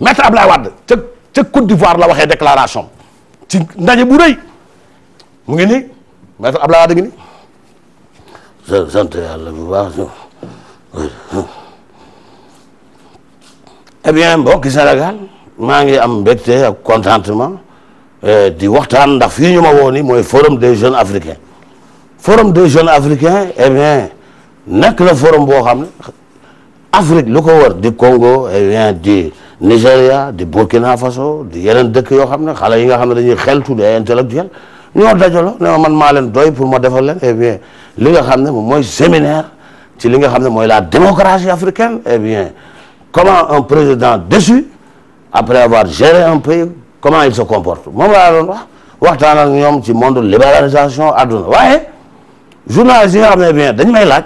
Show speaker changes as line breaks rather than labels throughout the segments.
maître Ablaye Wade ca ca d'Ivoire la waxee déclaration ci ndaje bu rëy mu ngi nii maître Ablaye Wade ngi nii. je sant yàlla eh maa ngi am mbégte ak contentement eh, di waxtaan ndax fii ñu mooy forum des jeunes africains forum des jeunes africains eh bien nekk na forum boo xam ne Afrique lu ko di Congo eh di. Nigéria di Burkina Faso di yeneen dëkk yoo xam ne xale yi nga xam ne dañuy xeltu di ay intellectuel ñoo dajaloo ne ma man maa leen doy pour ma defal leen eh bien li nga xam ne moom mooy séminaire ci li nga xam ne mooy la démocratie africaine eh bien comment un président déçu après avoir géré un pays comment il se comporte moom laa doon wax waxtaan ak ñoom ci monde libéralisation adduna waaye journaliste yi nga xam ne eh dañu may laaj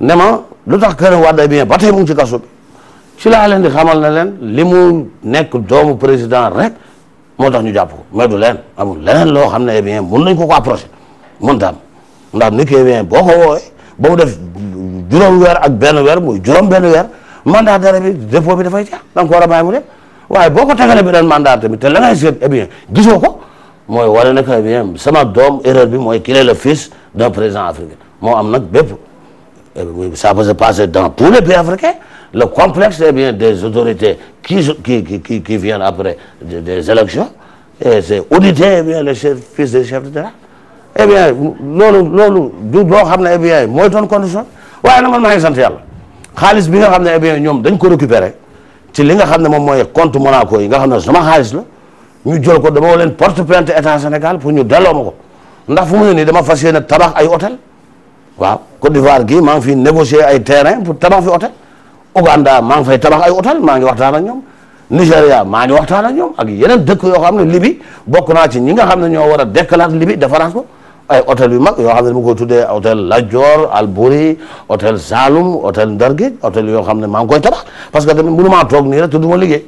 ne ma lu tax Karim Wade eh bien ba tey mu ci kaso bi ci laa leen di xamal leen li mu nekk doomu président rek moo tax ñu jàpp ko mais du leen amul leneen loo xam ne eh bien mun nañ ko ko approché mun daam ndax nit ki eh bien boo ko woowee ba def juróom weer ak benn weer muy juróom benn weer mandataire bi dépôt bi dafay jeex da a bàyyi mu dem waaye boo ko tegalee beneen mandat tamit te la ngay seet eh bien gisoo ko mooy wane ne eh sama doom erreur bi mooy qu'il est le fils d'un président moo am nag bépp ça peut se passer dans tous les pays africains le complexe est eh bien des autorités qui qui qui qui viennent après des, des élections et c'est auditer eh bien le chef fils des chefs d'État eh bien loolu loolu du boo xam ne eh bien mooy doon condition waaye na man maa ngi sant yàlla xaalis bi nga xam ne eh bien ñoom dañ ko récupérer ci li nga xam ne moom mooy compte Monaco yi nga xam ne sama xaalis la ñu jël ko dama leen porte plainte état Sénégal pour ñu delloo ma ko ndax fu mu ne nii dama fas yéene tabax ay hôtel waaw Côte d'Ivoire gi maa ngi fi négocier ay terrain pour tabax fi hôtel Ouganda maa ngi fay tabax ay hôtel maa ngi waxtaan ak ñoom Nigéria maa ngi waxtaan ak ñoom ak yeneen dëkk yoo xam ne Libye bokk naa ci ñi nga xam ne ñoo war a dekkalaat Libye defaraat ko ay hôtel yu mag yoo xam ne dama ko tuddee hôtel Lat Dior Albouri hôtel Saloum hôtel Ndar Géej hôtel yoo xam ne maa ngi koy tabax parce que tamit mënu maa toog nii rek te du ma liggéey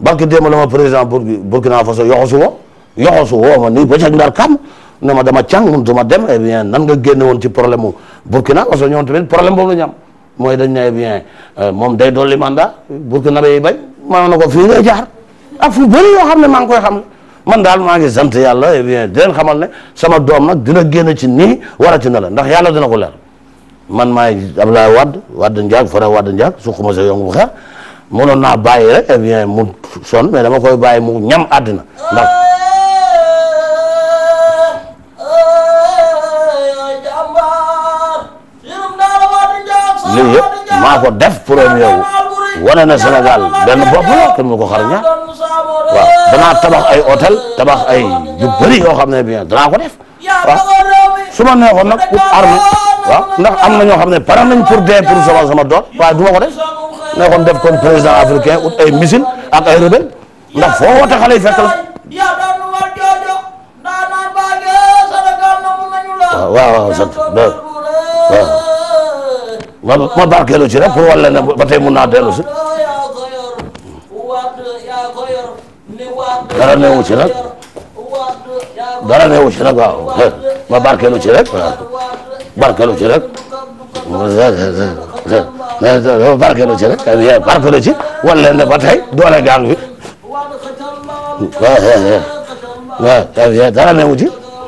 barke démb la ma président Burkina Faso yoxosu woo yoxosu woo ma kam ne ma dama càng mun duma dem eh nan nga génne woon ci problème mu Burkina parce que ñoom tamit problème boobu la am mooy dañ ne eh bien euh, moom day dolli mandat Burkina bay bañ ma ne ko fii ngay jaar a ah, fu bëri yoo xam ne maa ngi koy xam man daal maa ngi sant yàlla eh bien di leen xamal ne sama doom nag dina génn ci nii warati na la ndax yàlla dina ko leer man maay Abdoulaye Wade Wade Ndiaye Fara Wade Ndiaye su xuma sa yongu xeer mënoon naa bàyyi rek eh bien mu sonn dama koy bàyyi mu ñam àddina lii yëpp maa def premier wu wane na senegal benn bopp la kenn mu ko xar ñaar waaw danaa tabax ay hôtel tabax ay yu yoo xam ne bien danaa ko def waaw su ma neexoon nag ut armée waaw ndax am na ñoo xam ne pare nañ pour dee pour sama sama doon waaye du ma ko def neexoon def comme président africain ut ay missile ak ay rebelle ndax foo woote xale yi fekk la waaw waaw sant waaw lan ma barkeelu ci rek pour wàll ne ba tey mun naa dellu si dara newu ci nag dara newu ci nag waaw ma barkeelu ci rek waaw barkeelu ci rek barkeelu ci rek barkeelu ci wàll ne ba tey doole gang bi waaw dara newu ci